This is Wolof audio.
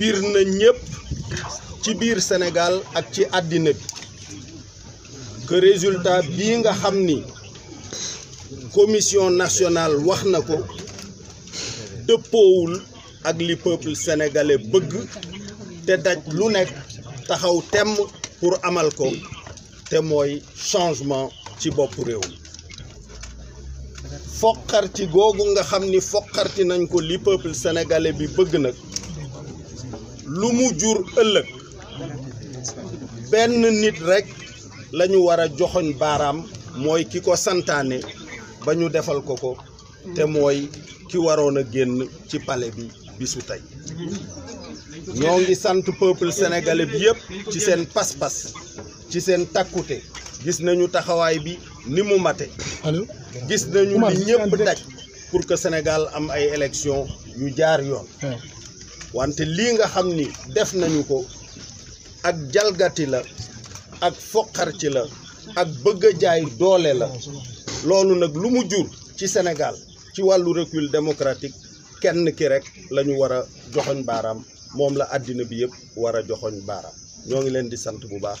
biir na ñëpp ci biir Sénégal ak ci àddina bi que résultat bii nga xam ni commission nationale wax na ko dëppoowul ak li peuple bëgg te daj lu nekk taxaw temm pour amal ko te mooy changement ci bopp réew mi foqarti googu nga xam ni foqarti nañ ko li peuple sénégalais bi bëgg nag lu mu jur ëllëg benn nit rekk lañu war a joxoñ baaraam mooy ki ko santaane ba ñu defal ko ko te mooy ki waroon a génn ci pale bi bisu tey ñoo ngi sant peuple sénégalais bi yépp ci seen pas-pas ci seen takkute gis nañu taxawaay bi ni mu mate gis nañu li ñëpp daj pour que Sénégal am ay élection yu jaar yoon wante lii nga xam ni def nañu ko ak jalgati la ak foqar la ak bëgg jaay doole la loolu nag lu mu jur ci Sénégal ci wàllu recul démocratique kenn ki rek lañu ñu war a joxoñ baaraam moom la àddina bi yëpp war a joxoñ baaraam ñoo ngi leen di sant bu baax.